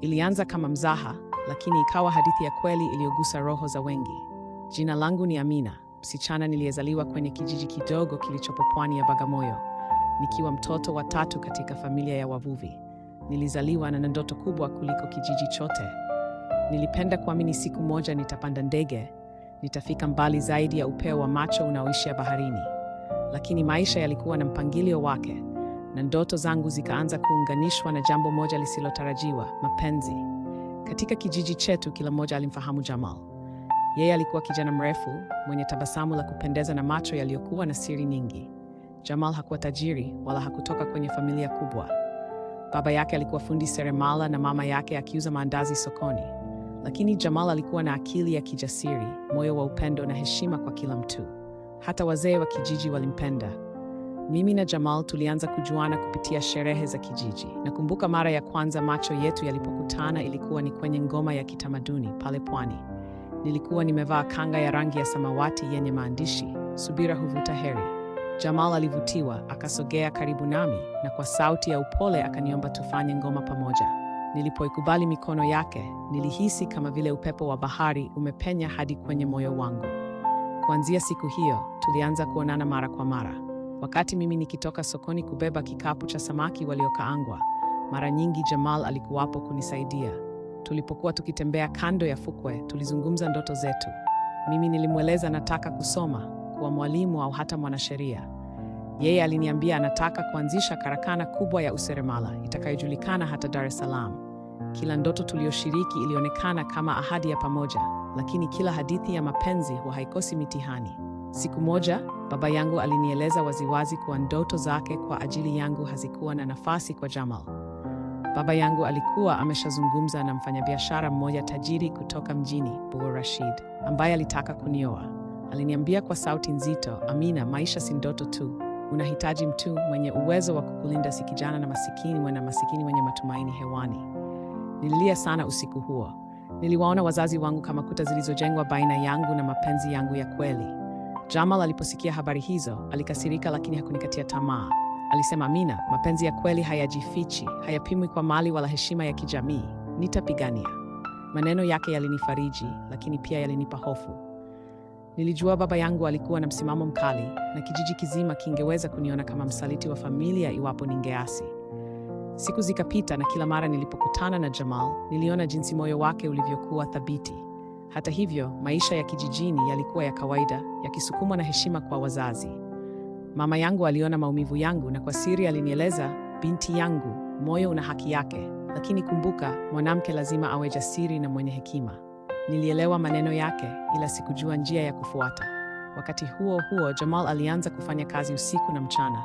Ilianza kama mzaha, lakini ikawa hadithi ya kweli iliyogusa roho za wengi. Jina langu ni Amina, msichana niliyezaliwa kwenye kijiji kidogo kilichopo pwani ya Bagamoyo, nikiwa mtoto wa tatu katika familia ya wavuvi. Nilizaliwa na ndoto kubwa kuliko kijiji chote. Nilipenda kuamini siku moja nitapanda ndege, nitafika mbali zaidi ya upeo wa macho unaoishia baharini. Lakini maisha yalikuwa na mpangilio wake na ndoto zangu zikaanza kuunganishwa na jambo moja lisilotarajiwa: mapenzi. Katika kijiji chetu, kila mmoja alimfahamu Jamal. Yeye alikuwa kijana mrefu mwenye tabasamu la kupendeza na macho yaliyokuwa na siri nyingi. Jamal hakuwa tajiri wala hakutoka kwenye familia kubwa. Baba yake alikuwa fundi seremala na mama yake akiuza maandazi sokoni, lakini Jamal alikuwa na akili ya kijasiri, moyo wa upendo na heshima kwa kila mtu. Hata wazee wa kijiji walimpenda. Mimi na Jamal tulianza kujuana kupitia sherehe za kijiji. Nakumbuka mara ya kwanza macho yetu yalipokutana ilikuwa ni kwenye ngoma ya kitamaduni pale pwani. Nilikuwa nimevaa kanga ya rangi ya samawati yenye maandishi subira huvuta heri. Jamal alivutiwa, akasogea karibu nami na kwa sauti ya upole akaniomba tufanye ngoma pamoja. Nilipoikubali mikono yake, nilihisi kama vile upepo wa bahari umepenya hadi kwenye moyo wangu. Kuanzia siku hiyo, tulianza kuonana mara kwa mara. Wakati mimi nikitoka sokoni kubeba kikapu cha samaki waliokaangwa, mara nyingi Jamal alikuwapo kunisaidia. Tulipokuwa tukitembea kando ya fukwe, tulizungumza ndoto zetu. Mimi nilimweleza nataka kusoma, kuwa mwalimu au hata mwanasheria. Yeye aliniambia anataka kuanzisha karakana kubwa ya useremala itakayojulikana hata Dar es Salaam. Kila ndoto tuliyoshiriki ilionekana kama ahadi ya pamoja, lakini kila hadithi ya mapenzi huwa haikosi mitihani. Siku moja Baba yangu alinieleza waziwazi kuwa ndoto zake kwa ajili yangu hazikuwa na nafasi kwa Jamal. Baba yangu alikuwa ameshazungumza na mfanyabiashara mmoja tajiri kutoka mjini, Bugo Rashid, ambaye alitaka kunioa. Aliniambia kwa sauti nzito, Amina, maisha si ndoto tu. Unahitaji mtu mwenye uwezo wa kukulinda, si kijana na masikini mwana masikini mwenye matumaini hewani. Nililia sana usiku huo. Niliwaona wazazi wangu kama kuta zilizojengwa baina yangu na mapenzi yangu ya kweli. Jamal aliposikia habari hizo alikasirika, lakini hakunikatia tamaa. Alisema, mina mapenzi ya kweli hayajifichi, hayapimwi kwa mali wala heshima ya kijamii. Nitapigania. Maneno yake yalinifariji, lakini pia yalinipa hofu. Nilijua baba yangu alikuwa na msimamo mkali na kijiji kizima kingeweza kuniona kama msaliti wa familia iwapo ningeasi. Siku zikapita na kila mara nilipokutana na Jamal, niliona jinsi moyo wake ulivyokuwa thabiti. Hata hivyo, maisha ya kijijini yalikuwa ya kawaida, yakisukumwa na heshima kwa wazazi. Mama yangu aliona maumivu yangu na kwa siri alinieleza, binti yangu, moyo una haki yake, lakini kumbuka, mwanamke lazima awe jasiri na mwenye hekima. Nilielewa maneno yake, ila sikujua njia ya kufuata. Wakati huo huo, Jamal alianza kufanya kazi usiku na mchana.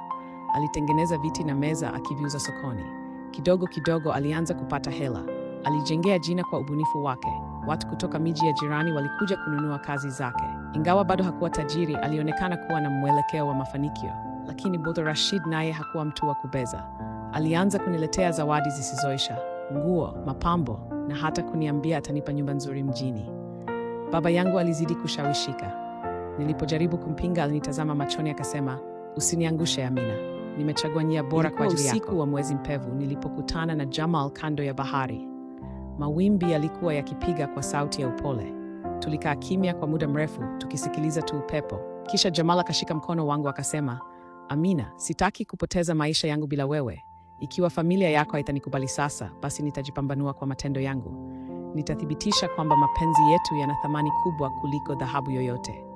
Alitengeneza viti na meza akiviuza sokoni. Kidogo kidogo alianza kupata hela. Alijengea jina kwa ubunifu wake watu kutoka miji ya jirani walikuja kununua kazi zake. Ingawa bado hakuwa tajiri, alionekana kuwa na mwelekeo wa mafanikio. Lakini Bodo Rashid naye hakuwa mtu wa kubeza. Alianza kuniletea zawadi zisizoisha, nguo, mapambo na hata kuniambia atanipa nyumba nzuri mjini. Baba yangu alizidi kushawishika. Nilipojaribu kumpinga, alinitazama machoni akasema, usiniangushe Amina, nimechagua njia bora kwa ajili yako. Usiku wa mwezi mpevu nilipokutana na Jamal kando ya bahari Mawimbi yalikuwa yakipiga kwa sauti ya upole. Tulikaa kimya kwa muda mrefu tukisikiliza tu upepo. Kisha Jamal akashika mkono wangu akasema, Amina, sitaki kupoteza maisha yangu bila wewe. Ikiwa familia yako haitanikubali sasa, basi nitajipambanua kwa matendo yangu. Nitathibitisha kwamba mapenzi yetu yana thamani kubwa kuliko dhahabu yoyote.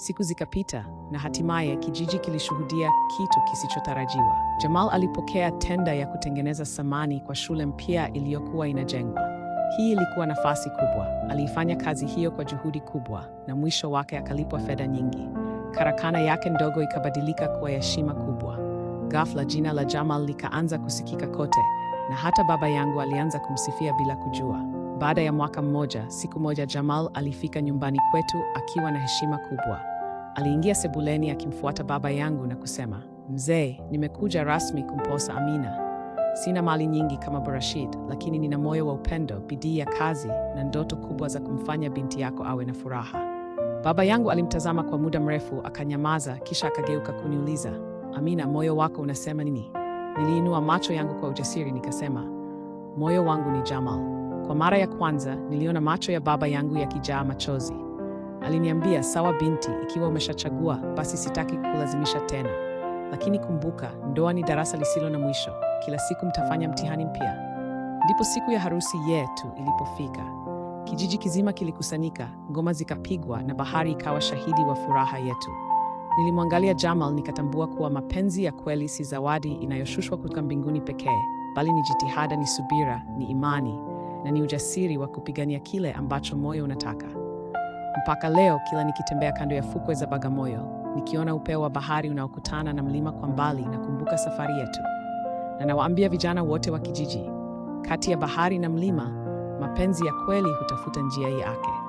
Siku zikapita na hatimaye kijiji kilishuhudia kitu kisichotarajiwa. Jamal alipokea tenda ya kutengeneza samani kwa shule mpya iliyokuwa inajengwa. Hii ilikuwa nafasi kubwa. Aliifanya kazi hiyo kwa juhudi kubwa, na mwisho wake akalipwa fedha nyingi. Karakana yake ndogo ikabadilika kuwa heshima kubwa. Ghafla jina la Jamal likaanza kusikika kote, na hata baba yangu alianza kumsifia bila kujua. Baada ya mwaka mmoja, siku moja Jamal alifika nyumbani kwetu akiwa na heshima kubwa aliingia sebuleni akimfuata baba yangu na kusema, mzee, nimekuja rasmi kumposa Amina. Sina mali nyingi kama Barashid, lakini nina moyo wa upendo, bidii ya kazi na ndoto kubwa za kumfanya binti yako awe na furaha. Baba yangu alimtazama kwa muda mrefu, akanyamaza, kisha akageuka kuniuliza, Amina, moyo wako unasema nini? Niliinua macho yangu kwa ujasiri nikasema, moyo wangu ni Jamal. Kwa mara ya kwanza niliona macho ya baba yangu yakijaa machozi. Aliniambia, sawa binti, ikiwa umeshachagua basi sitaki kukulazimisha tena, lakini kumbuka, ndoa ni darasa lisilo na mwisho. Kila siku mtafanya mtihani mpya. Ndipo siku ya harusi yetu ilipofika, kijiji kizima kilikusanyika, ngoma zikapigwa na bahari ikawa shahidi wa furaha yetu. Nilimwangalia Jamal nikatambua kuwa mapenzi ya kweli si zawadi inayoshushwa kutoka mbinguni pekee, bali ni jitihada, ni subira, ni imani na ni ujasiri wa kupigania kile ambacho moyo unataka. Mpaka leo kila nikitembea kando ya fukwe za Bagamoyo, nikiona upeo wa bahari unaokutana na mlima kwa mbali, nakumbuka safari yetu, na nawaambia vijana wote wa kijiji, kati ya bahari na mlima, mapenzi ya kweli hutafuta njia yake.